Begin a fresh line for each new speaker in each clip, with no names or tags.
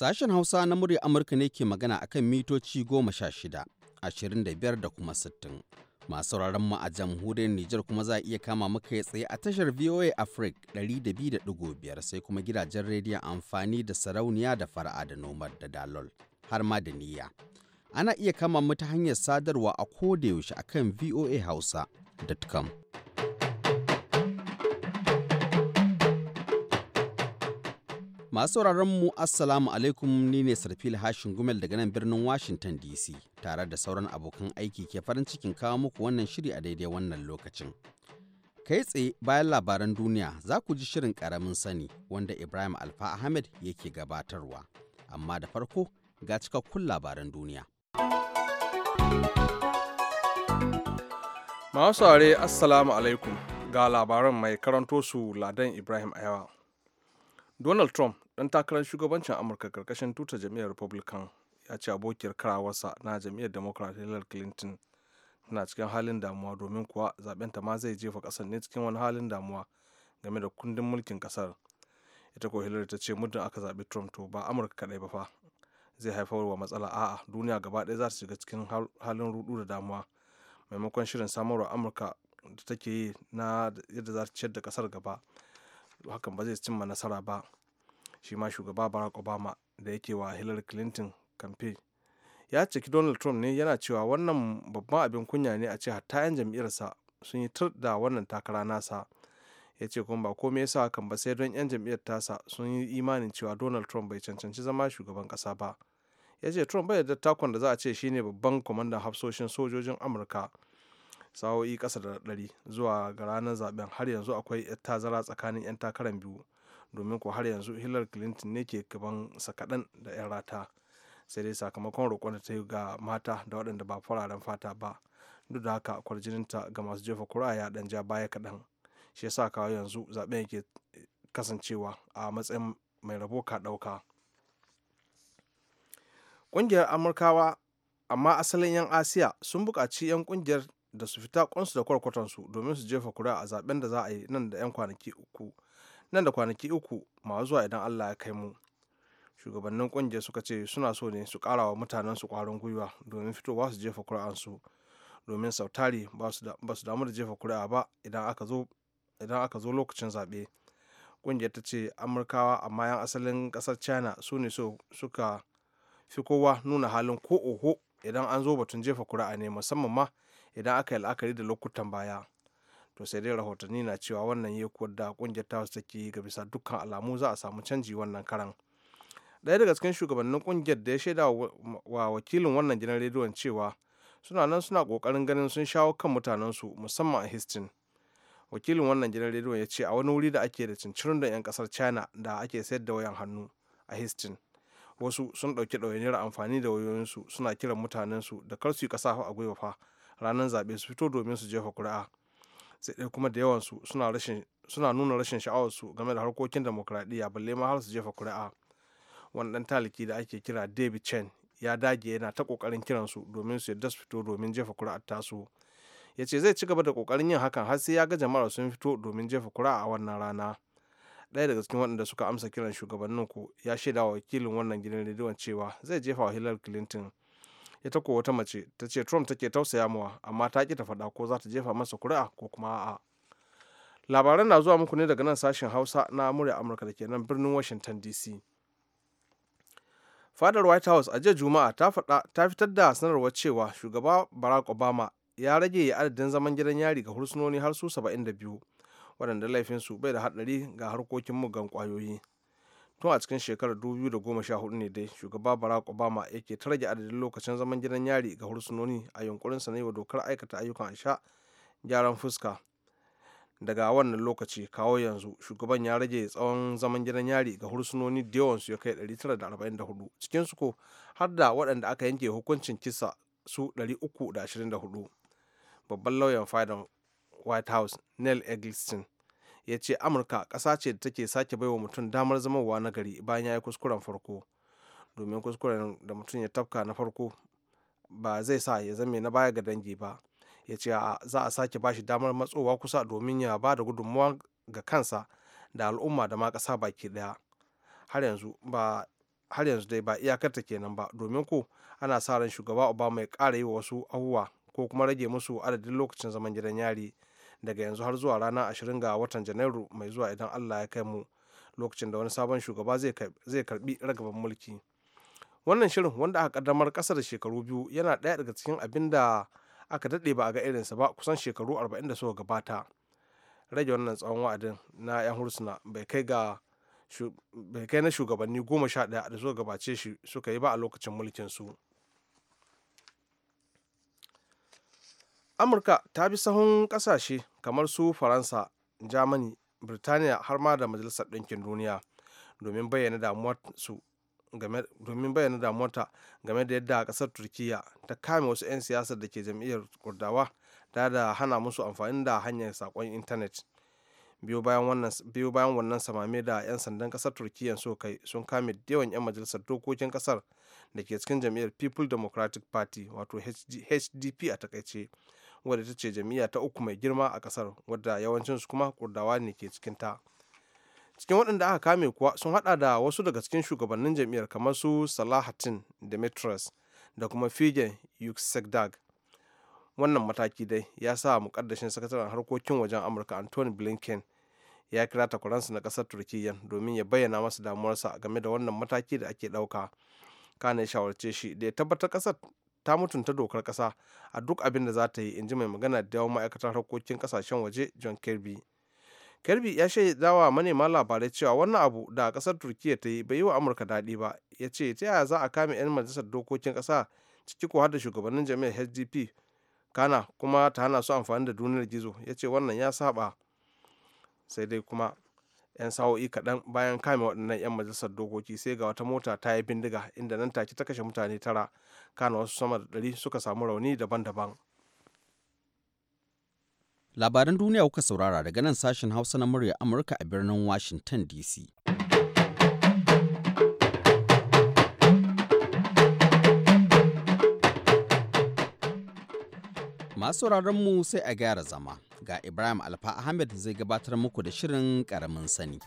Sashen Hausa na murya Amurka ne ke magana a kan mitoci goma sha shida, ashirin da biyar da kuma sittin. Masu sauraron mu a jamhuriyar Nijar kuma za a iya kama muka ya tsaye a tashar VOA Africa 200.5 sai kuma gidajen rediyon amfani da sarauniya da fara'a da nomar da dalol har ma da niyya. Ana iya kama mu ta hanyar sadarwa a yaushe akan hausa.com. Masu sauraron mu Assalamu alaikum ni ne Sarfil Hashin Gumel daga nan birnin Washington DC tare da sauran abokan aiki ke farin cikin kawo muku wannan shiri a daidai wannan lokacin. Kai tsaye bayan labaran duniya za ku ji shirin karamin sani wanda Ibrahim Alfa Ahmed yake gabatarwa. Amma da farko ga cikakkun labaran duniya.
Masu Assalamu alaikum ga labaran mai karanto su Ladan Ibrahim Ayawa. donald trump dan takarar shugabancin amurka karkashin tuta jam'iyyar republican ya ce abokiyar karawarsa na jam'iyyar democrat hillary clinton tana cikin halin damuwa domin kuwa ta ma zai jefa kasar ne cikin wani halin damuwa game da kundin mulkin kasar ita ko hillary ta ce muddin aka zaɓi trump to ba amurka kaɗai ba fa zai haifar wa matsala a'a duniya gaba ɗaya za ta shiga cikin halin rudu da damuwa maimakon shirin samarwa amurka da take yi na yadda za ta ciyar da kasar gaba to hakan ba zai cimma nasara ba shi ma shugaba barack obama da yake wa hillary clinton campaign ya ciki donald trump ne yana cewa wannan babban abin kunya ne a ce hatta 'yan jam'iyyarsa sun yi tur da wannan takara nasa ya ce kuma ba komai yasa hakan ba sai don 'yan jam'iyyar tasa sun yi imanin cewa donald trump bai cancanci zama shugaban kasa ba ya ce trump bai da takon da za a ce shine babban kwamandan hafsoshin sojojin amurka sa'o'i ƙasa da ɗari zuwa ga ranar zaben har yanzu akwai tazara tsakanin 'yan takarar biyu domin ko har yanzu hillar clinton ne ke gaban sa kaɗan da 'yan rata sai dai sakamakon roƙon da ta yi ga mata da waɗanda ba fararen fata ba duk da haka kwarjininta ga masu jefa kuri'a ya ɗan ja baya kaɗan shi yasa kawo yanzu zaben yake kasancewa a matsayin mai rabo ka ɗauka ƙungiyar amurkawa amma asalin 'yan asiya sun buƙaci 'yan ƙungiyar da su fita kwansu da kwarkwatansu domin su jefa kura a zaben da za a yi nan da 'yan kwanaki uku nan da kwanaki uku masu zuwa idan allah ya kai mu shugabannin kungiyar suka ce suna so ne su karawa mutanen su kwarin gwiwa domin fitowa su jefa su domin sautari ba su damu da jefa kuri'a ba idan aka zo lokacin zaɓe kungiyar ta ce amurkawa amma yan asalin ƙasar china su ne suka fi kowa nuna halin ko oho idan an zo batun jefa kuri'a ne musamman ma idan aka yi la'akari da lokutan baya to sai dai rahotanni na cewa wannan ya kuwa da kungiyar ta take yi ga bisa dukkan alamu za a samu canji wannan karan ɗaya daga cikin shugabannin kungiyar da ya shaida wa wakilin wannan gidan rediyon cewa suna nan suna kokarin ganin sun shawo kan mutanensu musamman a histin wakilin wannan gidan rediyon ya ce a wani wuri da ake da cincirin da 'yan kasar china da ake sayar da wayan hannu a histin wasu sun ɗauki ɗawainiyar amfani da wayoyinsu suna kiran mutanensu da kar su yi kasafa a gwiwa fa ranar zaɓe su fito domin su jefa kuri'a sai dai kuma da yawan su suna nuna rashin sha'awarsu game da harkokin demokradiyya balle ma har su jefa kuri'a wani dan taliki da ake kira david chen ya dage yana ta kokarin kiransu domin su yarda su fito domin jefa kuri'ar tasu ya ce zai ci gaba da kokarin yin hakan har sai ya ga jama'ar sun fito domin jefa kuri'a a wannan rana ɗaya daga cikin waɗanda suka amsa kiran shugabannin ku ya shaida wa wakilin wannan gidan rediyon cewa zai jefa wa hillary clinton ita ko wata mace ta ce trump take tausaya mawa amma ta ki ta faɗa ko za ta jefa masa kuri'a ko kuma a'a labaran na zuwa muku ne daga nan sashen hausa na murya amurka da ke nan birnin washington dc fadar white house a jiya juma'a ta faɗa ta fitar da sanarwar cewa shugaba barack obama ya rage adadin zaman gidan yari ga hursunoni har su 72 waɗanda laifinsu bai da haɗari ga harkokin mugan kwayoyi. tun a cikin shekarar 2014 ne dai shugaba barack obama yake ta rage adadin lokacin zaman gidan yari ga hursunoni a yunkurin sa wa dokar aikata ayyukan sha gyaran fuska daga wannan lokaci kawo yanzu shugaban ya rage tsawon zaman gidan yari ga hursunoni da su ya kai 944 su ko har da waɗanda aka yanke hukuncin kisa su 324 babban lauyan fadan white house neil Eglinton. ya ce amurka ƙasa ce da take sake baiwa mutum damar zamowa na gari bayan ya yi kuskuren farko domin kuskuren da mutum ya tafka na farko ba zai sa ya zame na baya ga dangi ba ya ce za a sake bashi damar matsowa kusa domin ya ba da gudunmawa ga kansa da al'umma da ma ƙasa baki ɗaya har yanzu dai ba iyakarta kenan ba domin ko ana sa ran shugaba obama ya kara yi wa wasu abubuwa ko kuma rage musu adadin lokacin zaman gidan yari daga yanzu har zuwa rana 20 ga watan janairu mai zuwa idan allah ya kai mu lokacin da wani sabon shugaba zai karbi ragaban mulki wannan shirin wanda aka kaddamar kasa da shekaru biyu yana ɗaya daga cikin abin da aka daɗe ba a ga irinsa ba kusan shekaru arba'in da suka gabata rage wannan tsawon wa'adin na 'yan hursuna bai kai ga bai kai na shugabanni goma sha ɗaya da suka gabace shi suka yi ba a lokacin mulkin su. amurka ta bi sahun kasashe kamar su faransa germany birtaniya har ma da majalisar ɗinkin duniya domin bayyana damuwarta game da yadda kasar turkiya ta kame wasu 'yan siyasar da ke jam'iyyar kurdawa da da hana musu amfani da hanyar sakon intanet biyu bayan wannan samame da 'yan sandan kasar turkiya so kai sun kame yawan 'yan majalisar dokokin kasar da ke cikin jam'iyyar people democratic party wato hdp a takaice wadda ta ce jam'i'a ta uku mai girma a kasar wadda yawancinsu kuma kurdawa ne ke cikinta cikin waɗanda aka kame kuwa sun hada da wasu daga cikin shugabannin jami'ar kamar su salahatin demetrius da kuma fige yuksekdag wannan mataki dai ya sa mukaddashin sakataren harkokin wajen amurka anthony blinken ya kira takwaransa na kasar turkiyya domin ya bayyana masa damuwarsa game da wannan mataki da ake ɗauka kane shawarce shi da ya tabbatar kasar ta mutunta dokar kasa a duk abin da za ta yi in ji mai magana da yawon ma'aikatar harkokin kasashen waje john kirby kirby ya shaida wa manema labarai cewa wannan abu da ƙasar turkiyya ta yi bai yi wa amurka daɗi ba ya ce ta yaya za a kame 'yan majalisar dokokin kasa ciki ko har da shugabannin jami'ar hdp kana kuma ta hana su amfani da duniyar gizo ya ce wannan ya saba sai dai kuma 'yan sa'o'i kaɗan bayan kame waɗannan 'yan majalisar dokoki sai ga wata mota ta yi bindiga inda nan take ta kashe mutane tara kana wasu sama da ɗari suka samu rauni daban-daban
labaran duniya kuka saurara daga nan sashen hausa na murya amurka a birnin washington dc Masu mu sai a gyara zama ga Ibrahim Alfa Ahmed zai gabatar muku da shirin karamin sani.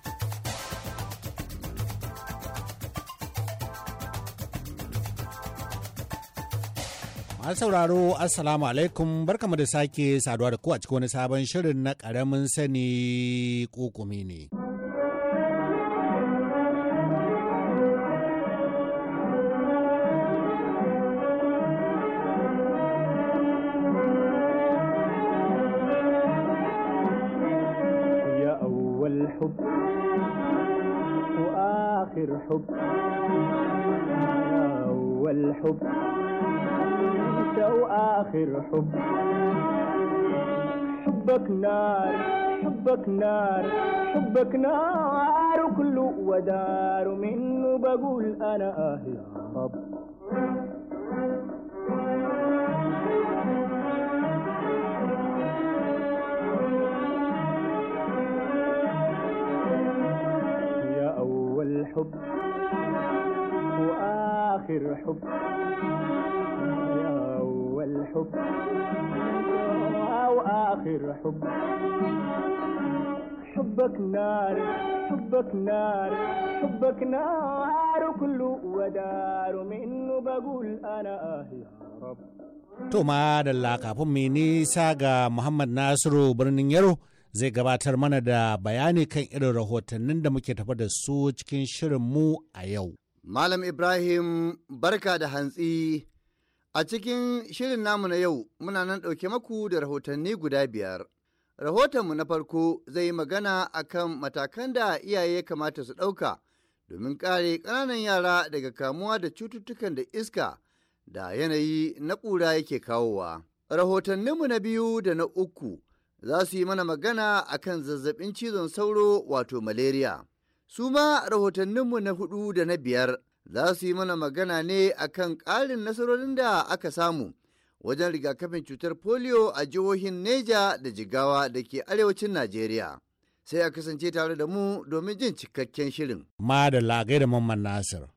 Masu sauraro Assalamu alaikum barkamu da sake saduwa da ku cikin wani sabon shirin na karamin sani kokumi ne.
آخر حب
حبك نار حبك نار حبك نار وكل ودار منه بقول أنا أهل حب
يا أول حب وآخر حب حب أو
آخر حب حبك نار حبك نار حبك نار كل ودار منه بقول أنا آه يا رب
To ma da kafin mai nisa ga Muhammad Nasiru birnin Yaro zai gabatar mana da bayani kan irin rahotannin da muke tafa da su cikin shirin mu a yau.
Malam Ibrahim barka da hantsi A cikin shirin namu na yau muna nan ɗauke maku da rahotanni guda biyar. Rahotonmu na farko zai yi magana akan matakan da iyaye kamata su ɗauka domin kare ƙananan yara daga kamuwa da cututtukan da iska da yanayi na ƙura yake kawowa. Rahotanninmu na biyu da na uku za su yi mana magana akan zazzabin cizon sauro wato malaria. Su ma rahotanninmu na hudu da na biyar. za su yi mana magana ne akan ƙarin nasarorin da aka samu wajen rigakafin cutar polio a jihohin Neja da Jigawa da ke arewacin Najeriya. Sai a kasance tare da mu domin jin cikakken shirin.
Ma da lagai da Mamman Nasir.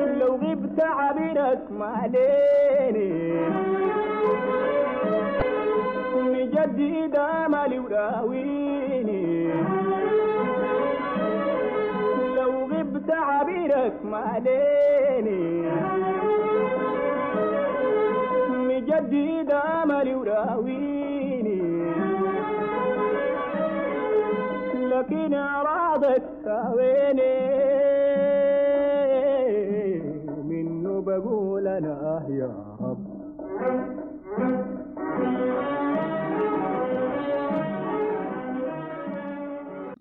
تعابيرك ماليني مجدد املي وراويني لكن اراضك ساويني منه بقول انا يا رب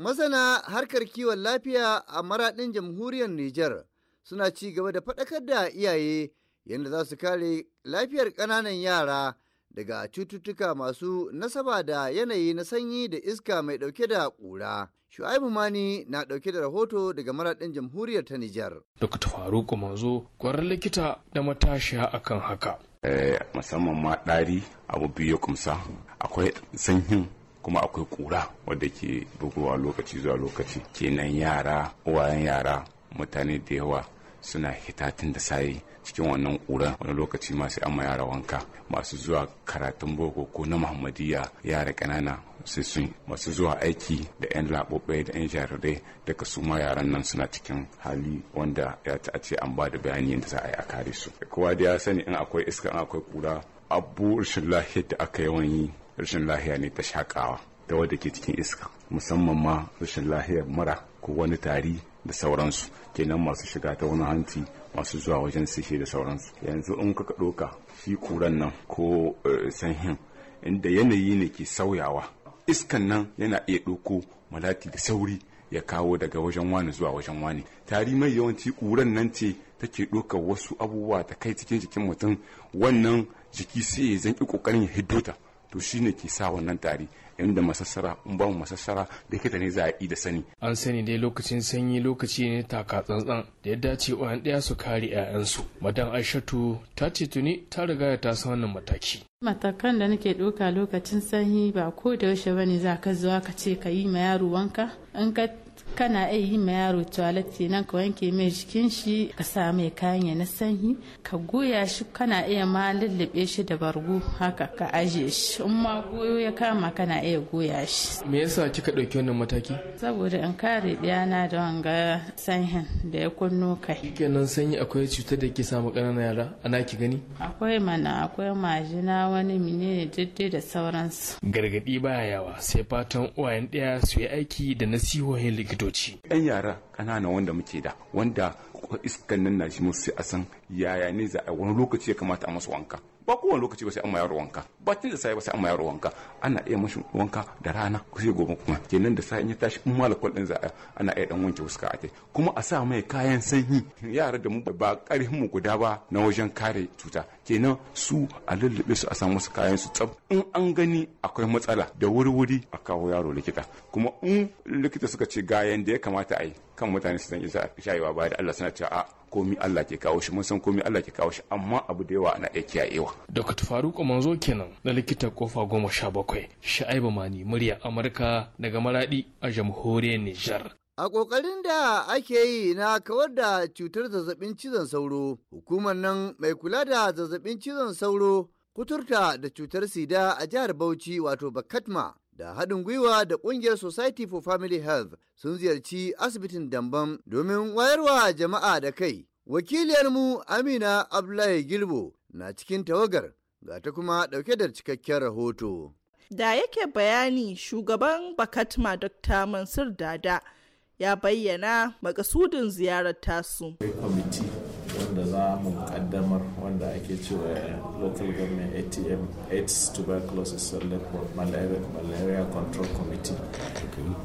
Masana harkar kiwon lafiya a maraɗin jamhuriyar Nijar suna ci gaba da faɗakar da iyaye yadda za su kare lafiyar ƙananan yara daga cututtuka masu nasaba da yanayi na sanyi da iska mai ɗauke da ƙura. Shu'aibu Mani na ɗauke da rahoto daga maraɗin jamhuriyar ta Nijar.
Dr. Faruk
Manzo,
kwarar likita da matashiya
akan haka.
Eh, musamman ma ɗari abu biyu kumsa akwai sanyin kuma akwai kura wadda ke bugowa lokaci zuwa lokaci kenan yara uwayen yara mutane da yawa suna hitatin da sayi cikin wannan kura wani lokaci masu amma yara wanka masu zuwa karatun boko ko na muhammadiyya yara kanana sai sun masu zuwa aiki da 'yan laɓoɓe da 'yan jarirai daga su ma yaran nan suna cikin hali wanda ya ta ce an ba da bayani yadda za a yi a kare su kowa da ya sani in akwai iska in akwai kura abu rashin lahiyar da aka yawan yi rashin lahiya ne ta shakawa ta wadda ke cikin iska musamman ma rashin lahiyar mara ko wani tari da sauransu kenan masu shiga ta wani hanci masu zuwa wajen sishe da sauransu yanzu in ka ɗoka shi kuran nan ko eh, sanhin inda yanayi ne ke sauyawa iskan nan yana iya ɗauko malati da sauri ya kawo daga wajen wani zuwa wajen wani tari mai yawanci kuran nan ce take ɗaukar wasu abubuwa ta kai cikin jikin mutum wannan jiki sai ya zanki ƙoƙarin ya hiddota to shi ne ke sa wannan tari inda masassara in ba mu masassara likita ne za a yi da sani
an sani dai lokacin sanyi lokaci ne taka tsantsan da ya dace wayan ɗaya su kare 'ya'yansu madan aishatu ta ce tuni ta riga ta san wannan mataki
matakan da nake ɗauka lokacin sanyi ba ko da yaushe bane za ka zuwa ka ce ka yi ma yaro wanka in ka kana iya yi ma yaro toilet kenan ka wanke mai jikin shi ka sa mai kayan na sanyi ka goya shi kana iya ma lullube shi da bargo haka ka ajiye shi in ma goyo ya kama kana iya goya shi
me yasa kika ɗauki wannan mataki
saboda in kare ɗiyana da wanga sanyin da ya kunno kai
kenan sanyi akwai cutar da ke samu ƙananan yara ana ki gani
akwai mana akwai majina wani ne diddai da sauransu
gargaɗi baya yawa sai fatan uwayen ɗaya su yi aiki da nasihohin likita likitoci
yan yara ƙanana wanda muke da wanda iskan nan na shi musu sai a san yaya ne za a wani lokaci ya kamata a masa wanka ba kowane lokaci ba sai an ma yaro wanka ba tun da sai ba sai an ma yaro wanka ana iya mashi wanka da rana ko sai gobe kuma kenan da sai in ya tashi in ma lakwal din za a ana iya dan wanke wuska a kai kuma a sa mai kayan sanyi yara da mu ba karfin mu guda ba na wajen kare cuta kenan su a lullube su a samu su kayan su tsab in an gani akwai matsala da wuri-wuri a kawo yaro likita kuma in likita suka ce gayan da ya kamata a yi kan mutane su san isa shayewa ba da Allah suna cewa a komi Allah ke kawo shi mun san komi Allah ke kawo shi amma abu da yawa ana iya kiyayewa.
Dr. faruk Manzo kenan na likita kofa goma sha bakwai Sha'ibu Mani murya Amurka daga maraɗi a jamhuriyar Nijar.
A ƙoƙarin da ake yi na kawar da cutar zazzabin cizon sauro, hukumar nan mai kula da zazzabin cizon sauro kuturta da cutar sida a jihar Bauchi wato Bakatma da haɗin gwiwa da ƙungiyar Society for Family Health sun ziyarci asibitin Dambam domin wayarwa jama'a da kai. Wakiliyarmu Amina Abdullahi Gilbo na cikin tawagar ga ta kuma ɗauke da cikakken rahoto.
Da yake bayani shugaban Bakatma Dr. Mansur Dada ya bayyana makasudin
ziyarar tasu.
za mu kaddamar wanda ake cewa local government atm aids tuberculosis leopard malaria malaria control committee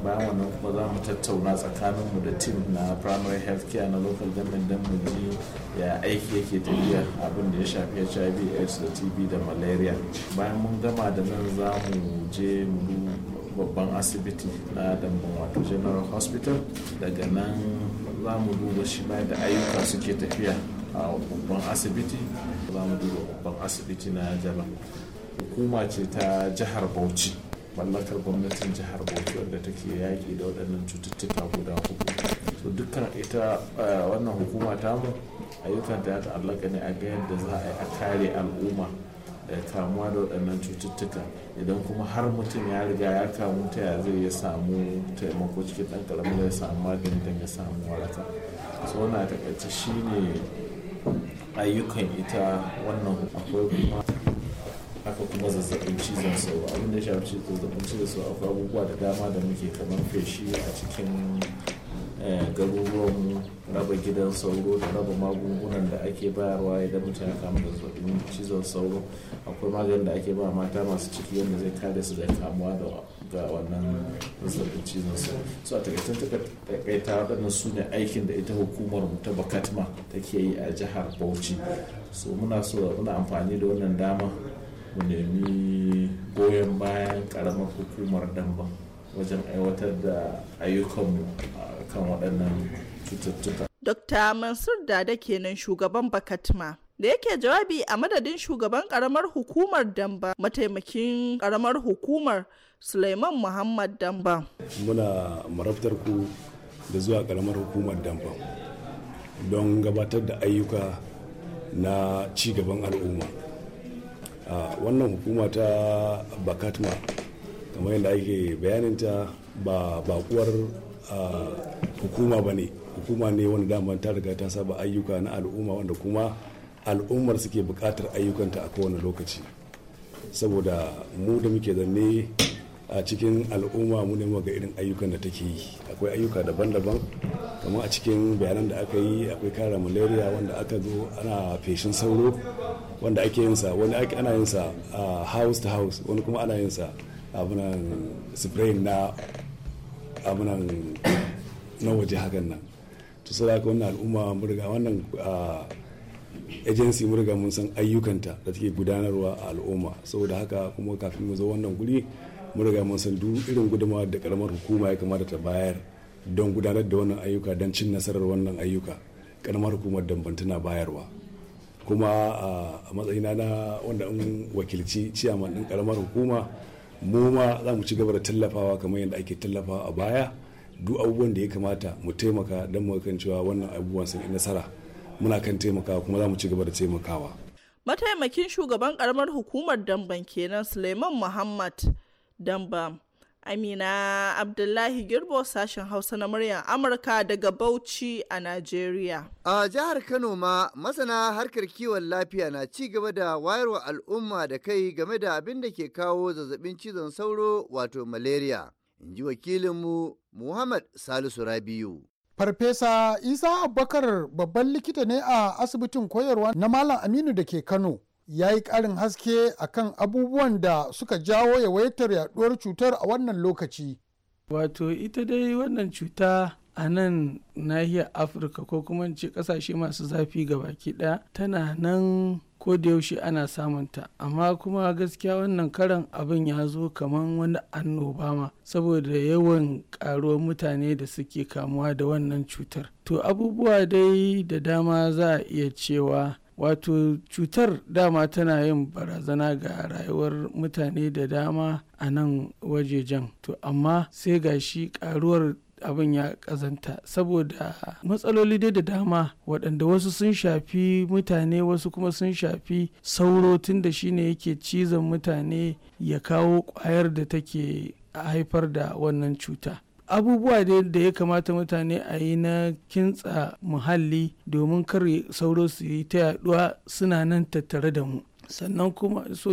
bayan wannan kuma za mu tattauna tsakaninmu da team na primary health care na local government don mu ji ya aiki yake tafiya abin da ya shafi hiv aids da tb da malaria bayan mun gama da nan za mu je mu babban asibiti na damban wato general hospital daga nan za mu duba shi da ayyuka suke tafiya a babban asibiti za mu duba babban asibiti na jaba hukuma ce ta jihar bauchi mallakar gwamnatin jihar bauchi wadda take yaƙi da waɗannan cututtuka guda hudu to dukkan ita wannan hukuma mu ayyukan ta ya ta'allaka ne a ga yadda za a yi a kare al'umma kamuwa da waɗannan cututtuka idan kuma har mutum ya riga ya kamu ta ya zai ya samu taimako cikin ɗan ƙaramin da ya samu magani don ya samu waraka so na takaice shine ayyukan ita wannan akwai kuma Aka kuma zazzabin cizon sauro abin da ya shafi cizon sauro akwai abubuwa da dama da muke kamar feshi a cikin Eh, garuruwan raba gidan sauro da raba magungunan da ake bayarwa idan mutane ya da zazzabin cizon sauro akwai maganin da ake ba mata masu ciki wanda zai kare su da kamuwa da ga wannan zazzabin cizon sauro so a takaitan takaita waɗannan su ne aikin da ita hukumar mu ta bakatma take yi a jihar bauchi so muna so muna amfani da wannan dama mu nemi goyon bayan karamar hukumar damban wajen aiwatar da ayyukanmu kan waɗannan cututtuka.
Dokta Mansur Dada kenan shugaban Bakatma. da yake jawabi a madadin shugaban ƙaramar hukumar damba mataimakin ƙaramar hukumar suleiman muhammad damba
muna marabtar ku da zuwa ƙaramar hukumar damba don gabatar da ayyuka na cigaban al'umma wannan hukuma ta bakatma kamar yadda ake bayaninta ba bakuwar hukuma ba ne hukuma ne wanda dama ta riga ta saba ayyuka na al'umma wanda kuma al'ummar suke bukatar ayyukanta a kowane lokaci saboda mu da muke zanne a cikin al'umma mu ne ga irin ayyukan da take yi akwai ayyuka daban-daban kamar a cikin bayanan da aka yi akwai kara malaria wanda aka zo ana feshin sauro wanda ake yinsa wani ana yinsa house to house wani kuma ana yinsa abunan spray na abunan na waje hakan nan to sai haka wannan al'umma murga wannan agency murga mun san ayyukanta da take gudanarwa a al'umma saboda haka kuma kafin mu zo wannan guri murga mun san duk irin gudunmawa da karamar hukuma ya kamata ta bayar don gudanar da wannan ayyuka don cin nasarar wannan ayyuka karamar hukumar tana bayarwa kuma a matsayina na wanda in wakilci ciyaman din karamar hukuma mu ma za mu ci gaba da tallafawa kamar yadda ake tallafawa a baya duk abubuwan da ya kamata mu taimaka don mu kan cewa wannan abubuwan sun yi nasara muna kan taimakawa kuma za mu ci gaba da taimakawa.
mataimakin shugaban karamar hukumar damban kenan suleiman muhammad dambam
Amina Abdullahi Girbo sashen Hausa na muryar Amurka daga Bauchi a Najeriya. A jihar Kano ma masana harkar kiwon lafiya na ci gaba da wayarwa al'umma da kai game da abin da ke kawo zazzabin cizon sauro wato malaria. In ji wakilinmu Muhammad Salisu Rabiu. Farfesa
Isa Abubakar babban likita ne a asibitin koyarwa na Malam Aminu da ke Kano. ya yi ƙarin haske a kan abubuwan da suka jawo yawaitar yaduwar cutar a wannan lokaci. Wato ita dai wannan cuta a nan nahiyar Afirka ko kuma ce ƙasashe masu zafi ga baki ɗaya tana nan ko da yaushe ana samunta amma kuma gaskiya wannan karan abin ya zo kamar wani annoba ma saboda yawan karuwar mutane da suke kamuwa da wannan cutar to abubuwa dai da dama za a iya cewa wato cutar dama tana yin barazana ga rayuwar mutane da dama a nan wajejen to amma sai ga shi karuwar abin ya kazanta saboda matsaloli dai da dama waɗanda wasu sun shafi mutane wasu kuma sun shafi sauro tunda da shine yake cizon mutane ya kawo ƙwayar da take haifar da wannan cuta abubuwa da ya kamata mutane a yi na kintsa muhalli domin kar sauro su yi ta yaduwa suna nan tattare da mu sannan kuma so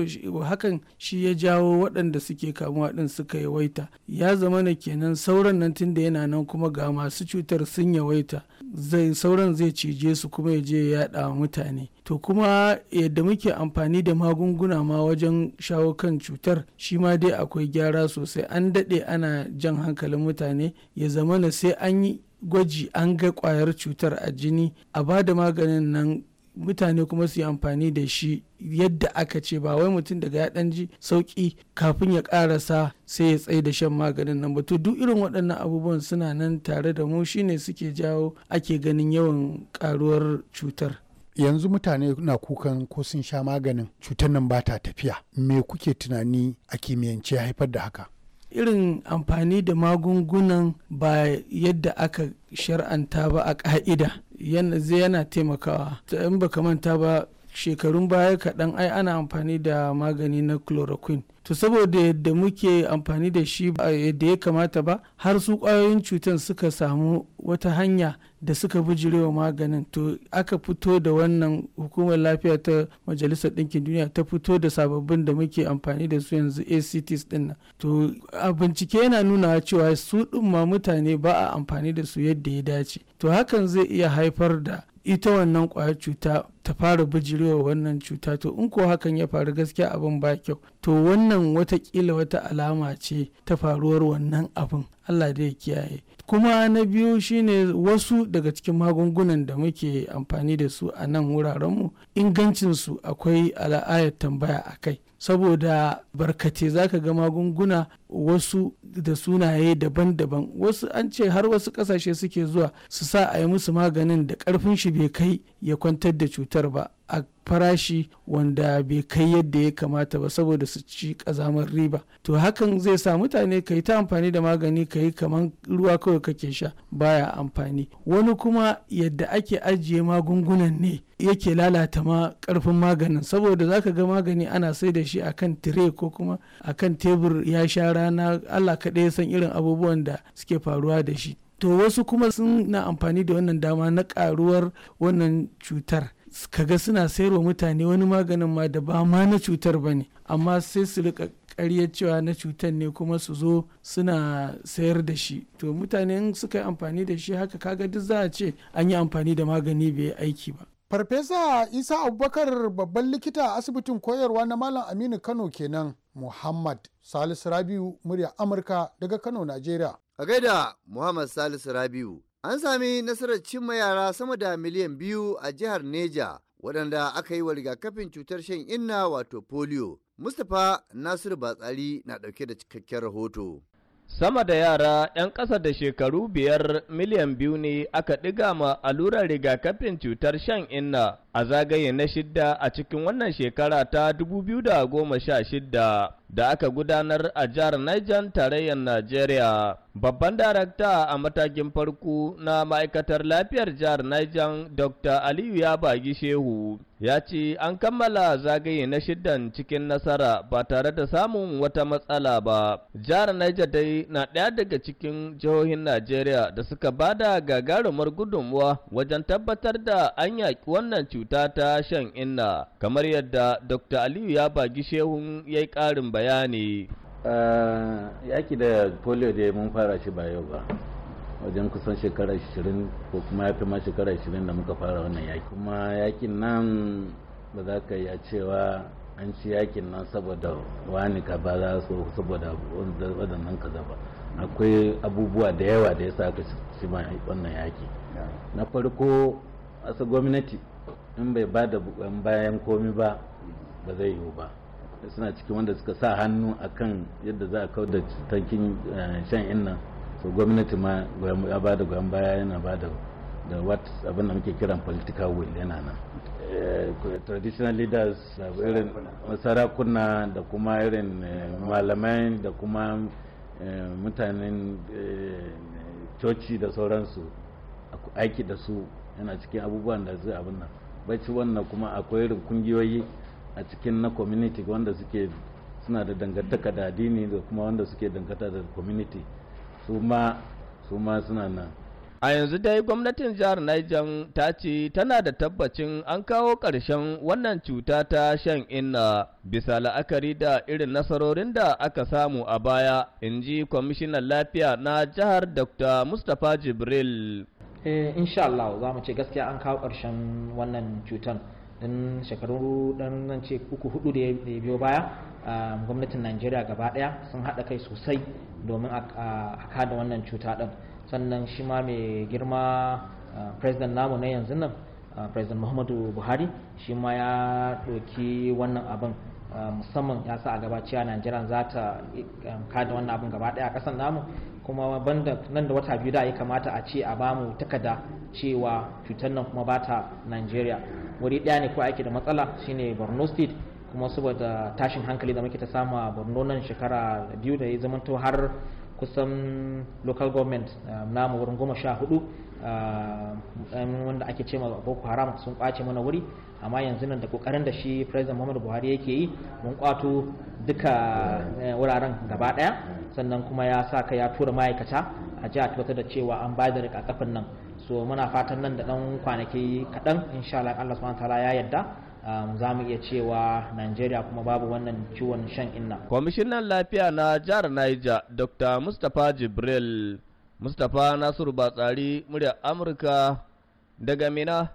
hakan shi ya jawo waɗanda suke kamuwa ɗin suka yawaita ya zama na kenan sauran nan tunda yana nan kuma ga masu cutar sun yawaita zai sauran zai cije su kuma ya je yaɗa mutane to kuma yadda muke amfani da magunguna ma wajen shawo kan cutar shi ma dai akwai gyara sosai an daɗe ana jan hankalin mutane ya zama na sai an yi gwaji an ga kwayar cutar a jini a ba da maganin nan mutane kuma su yi amfani da shi yadda aka ce ba wai mutum daga ya ji sauƙi kafin ya ƙarasa sai ya tsaye da shan maganin nan batu duk irin waɗannan abubuwan suna nan tare da mu shine suke jawo ake ganin yawan ƙaruwar cutar yanzu mutane na kukan ko sun sha maganin cutar nan ba ta tafiya me kuke tunani a kimiyyance haifar da haka irin amfani da magungunan ba yadda aka shar'anta ba a ka'ida yana yana taimakawa in baka manta ba shekarun baya kaɗan ai ana amfani da magani na chloroquine to saboda yadda muke amfani da shi ba yadda ya kamata ba har su ƙwayoyin cutar suka samu wata hanya da suka bijirewa maganin to aka fito da wannan hukumar lafiya ta majalisar ɗinkin duniya ta fito da sababbin da muke amfani da su yanzu acts ɗin to a bincike yana nuna cewa su ɗin mutane ba a amfani da su yadda ya dace to hakan zai iya haifar da ita wannan kwayar cuta ta fara bijirewa wannan cuta to in ko hakan ya faru gaskiya abin ba kyau to wannan watakila wata alama ce ta faruwar wannan abin allah da ya kiyaye kuma na biyu shine wasu daga cikin magungunan da muke amfani da su a nan wurarenmu ingancinsu akwai ala'ayar tambaya a kai saboda barkace za ka ga magunguna wasu da sunaye daban-daban wasu an ce har wasu kasashe suke zuwa su sa a yi musu maganin da karfin shi bai kai ya kwantar da cutar ba a farashi wanda bai kai yadda ya kamata ba saboda su ci kazamar riba to hakan zai sa mutane ka yi ta amfani da magani ka yi kamar ruwa kawai kake sha baya amfani wani kuma yadda ake ajiye magungunan ne yake lalata ma karfin maganin saboda zaka ga magani ana sai da shi akan tire ko kuma akan tebur ya sha rana allah kaɗai ya san irin abubuwan da suke faruwa da shi to wasu kuma sun na amfani da wannan dama na karuwar wannan cutar kaga suna sayar wa mutane wani maganin ma da ba ma na cutar ba ne amma sai su rika ƙaryar cewa na cutar ne kuma su zo suna sayar da shi to mutane suka yi amfani da shi haka kaga duk za a ce an yi amfani da magani bai aiki ba farfesa isa abubakar babban likita a asibitin koyarwa na malam aminu kano kenan muhammad salisu rabiu murya amurka daga kano najeriya
a gaida muhammad salisu rabiu an sami nasarar cimma yara sama da miliyan biyu a jihar neja waɗanda aka yi wa rigakafin cutar shan inna wato polio mustapha nasiru batsari na ɗauke da cikakken rahoto
Sama da yara 'yan ƙasa da shekaru biyar miliyan biyu ne aka ɗiga ma allurar rigakafin cutar shan inna a zagaye na shidda a cikin wannan shekara ta 2016 da aka gudanar a jihar Niger tarayyar Najeriya. Babban darakta a matakin farko na ma'aikatar lafiyar jihar Niger Dr. Aliyu Yabagi Shehu ya ce an kammala zagaye na shiddan cikin nasara ba tare da samun wata matsala ba. Jihar Niger dai na ɗaya daga cikin jihohin Najeriya da suka bada gagarumar gudunmuwa wajen tabbatar da an yaƙi wannan cutar. cuta ta shan inna kamar yadda dr aliyu ya bagi shehun ya yi karin bayani
yaki da polio da mun fara shi ba yau ba wajen kusan shekara 20 ko kuma ya fi ma shekara 20 da muka fara wannan yaki kuma yakin nan ba za ka a cewa an ci yakin nan saboda wani ka ba za su saboda waɗannan kaza ba akwai abubuwa da yawa da ya sa ka shi ma wannan yaki na farko asa gwamnati in bai ba da bayan komi ba ba zai yiwu ba suna cikin wanda suka sa hannu akan yadda za a kawo da tankin eh, shan inna so gwamnati ma ya ba da goyon baya yana ba da da wata abin da muke kiran political will yana nan eh, traditional leaders irin masarakuna da kuma irin eh, malamai da kuma mutanen coci da sauransu aiki da su yana cikin abubuwan da zai abin nan baci wannan kuma akwai irin kungiyoyi a cikin na community wanda suke suna da dangantaka da addini da kuma wanda suke dangata da community su ma su ma suna nan a yanzu dai gwamnatin jihar
Niger ta ce tana da tabbacin an kawo ƙarshen wannan cuta ta shan inna bisa la'akari da irin nasarorin da aka samu a baya in ji kwamishinan lafiya na jihar dr mustapha jibril Eh, insha Allah
za mu ce gaskiya an kawo ƙarshen wannan cutar dan shekarun ɗan nan ce uku hudu da ya biyo baya ah, gwamnatin Najeriya gaba ɗaya sun haɗa kai sosai domin a kada wannan cuta ɗin sannan shi ma mai girma ah, president namu na yanzu nan president muhammadu buhari shi ma ya ɗauki wannan abin musamman ya sa a gaba cewa najeriya za ta um, kada wannan abin gaba daya a kasan namu kuma banda nan da wata biyu da ya kamata a ce a bamu takada cewa cutar nan kuma ta najeriya wuri ɗaya ne ko ake da matsala shine borno state kuma saboda tashin hankali da muke ta sama borno nan shekara biyu da ya zama to har kusan local government um, namu wurin goma sha hudu uh, um, wanda ake ce ma boko haram sun kwace mana wuri amma yanzu nan da kokarin da shi president muhammadu buhari yake yi mun kwato duka uh, wuraren gaba daya sannan kuma ya sa ka ya tura ma'aikata a jihar tabbatar da cewa an bayar da rikakafin nan so muna fatan nan da dan kwanaki kaɗan insha Allah Allah subhanahu ta'ala ya yarda za mu iya cewa Najeriya kuma babu wannan ciwon shan inna.
Kwamishinan lafiya na jihar Niger Dr. Mustapha Jibril Mustapha Nasiru Batsari murya Amurka daga Mina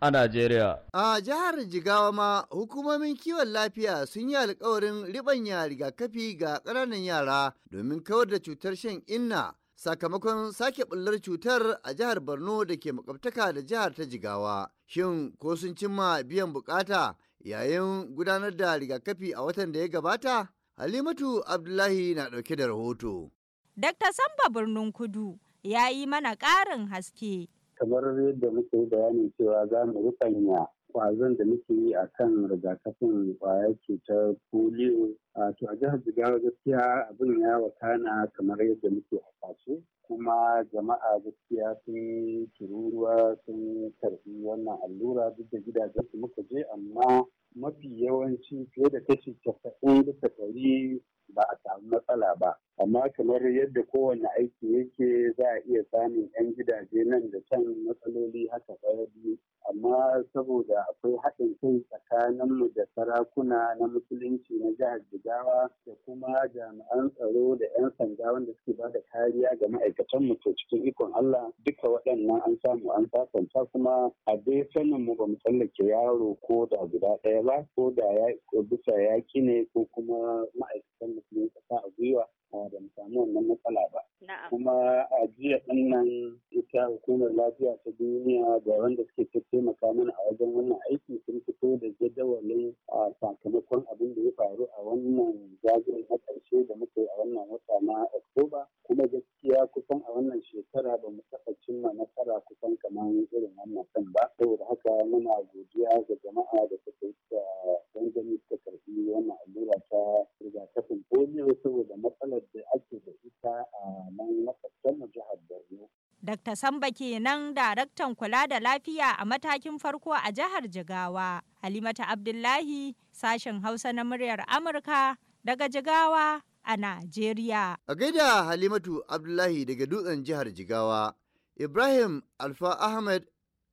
a Najeriya.
A jihar Jigawa ma hukumomin kiwon lafiya sun yi alkawarin riɓanya rigakafi ga ƙananan yara domin kawar da cutar shan inna sakamakon sake bullar cutar a jihar Borno da ke makwabtaka da jihar ta Jigawa. shin ko sun cimma biyan bukata yayin gudanar da rigakafi a watan da ya gabata? Halimatu Abdullahi na ɗauke da rahoto.
Dr. Samba Birnin Kudu ya yi mana ƙarin haske.
Kamar
yadda muke yi bayanin cewa za mu rukanya kwazon da muke yi a kan rigakafin kwayar cutar polio. To a jihar Jigawa gaskiya abin ya wakana kamar yadda muke hasashe. kuma jama'a gaskiya sun tururuwa sun karbi wannan allura duk da gidajen su muka je amma mafi yawanci fiye da kashi casa'in da ba a samu matsala ba amma kamar yadda kowane aiki yake za a iya samun 'yan gidaje nan da can matsaloli haka ɗaya biyu amma saboda akwai haɗin kai tsakanin mu da sarakuna na musulunci na jihar jigawa da kuma jami'an tsaro da 'yan sanda wanda suke ba da kariya ga ma'aikatan mu to cikin ikon Allah duka waɗannan an samu an sasanta kuma a dai sanin mu ba mu tsallake yaro ko da guda ɗaya ba ko da ya bisa yaki ne ko kuma ma'aikatan musulunci ƙasa a gwiwa ba mu samu wannan matsala ba. Kuma a jiya ɗin nan ita hukumar lafiya ta duniya da wanda suke ta taimaka mana a wajen wannan aiki sun fito da jadawalin a sakamakon abin da ya faru a wannan jajirin na ƙarshe da muka yi a wannan wata na Oktoba. Kuma gaskiya kusan a wannan shekara ba mu taɓa cimma nasara kusan kamar irin wannan kan ba. Saboda haka muna godiya ga jama'a da suka yi ta gangami suka karɓi wannan rigakafin polio saboda matsalar da ake da ita a nan mu jihar Borno.
Dr. Samba ke nan, daraktan kula da lafiya a matakin farko a jihar Jigawa. Halimata Abdullahi sashen Hausa na muryar Amurka daga Jigawa a Najeriya.
A gaida Halimatu Abdullahi daga dutsen jihar Jigawa, Ibrahim Alfa Ahmed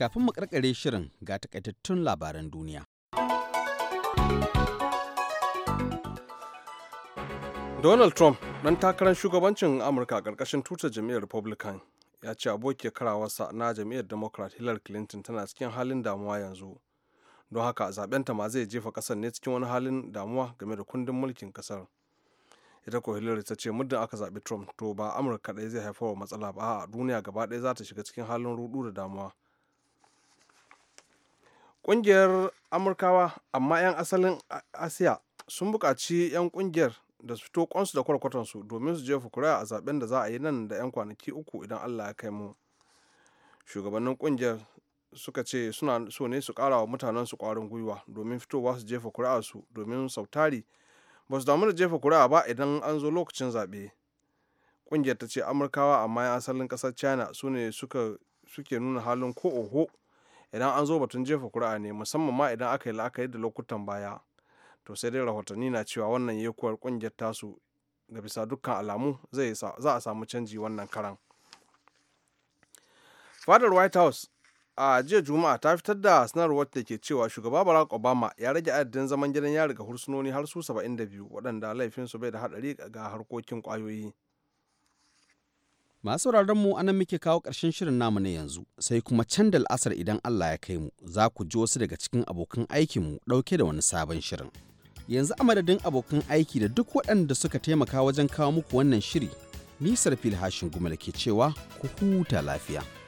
Kafin mu karkare
shirin ga takaitattun labaran duniya.
Donald Trump ɗan takarar shugabancin Amurka a ƙarƙashin tutar jam'iyyar Republican ya ce aboki karawarsa na jam'iyyar Democrat Hillary Clinton tana cikin halin damuwa yanzu. Don haka ta ma zai jefa ƙasar ne cikin wani halin damuwa game da kundin mulkin ƙasar. Ita ko Hillary ta ce muddin aka zaɓi Trump to ba Amurka ɗaya zai haifar wa matsala ba a duniya gaba ɗaya za ta shiga cikin halin ruɗu da damuwa Ƙungiyar Amurkawa, amma 'yan asalin Asiya, sun buƙaci 'yan ƙungiyar da su fito kwansu da kwarkwatansu domin su jefa kuri'a a zaben da za a yi nan da 'yan kwanaki uku idan Allah ya kai mu. Shugabannin ƙungiyar suka ce suna so ne su ƙara wa su ƙwarin gwiwa domin fitowa su jefa su domin sautari ba su damu da jefa kuri'a ba idan an zo lokacin zaɓe. Ƙungiyar ta ce Amurkawa amma 'yan asalin ƙasar China su ne suke nuna halin ko oho idan an zo batun jefa kuri'a ne musamman ma idan aka yi la'akari da lokutan baya to sai dai rahotanni na cewa wannan yekuwar kungiyar tasu ga bisa dukkan alamu za a samu canji wannan karan fadar white house a jiya juma'a ta fitar da sanarwar da ke cewa shugaba barack obama ya rage adadin zaman gidan yari ga hursunoni har su 72 waɗanda laifinsu bai da hadari ga harkokin kwayoyi.
Masu mu anan muke kawo ƙarshen shirin namu na yanzu, sai kuma can da la'asar idan Allah ya kai mu, za ku ji wasu daga cikin abokan aikinmu ɗauke da wani sabon shirin. Yanzu a madadin abokan aiki da duk waɗanda suka taimaka wajen kawo muku wannan shiri, nisar filhashin gumal ke cewa ku huta lafiya.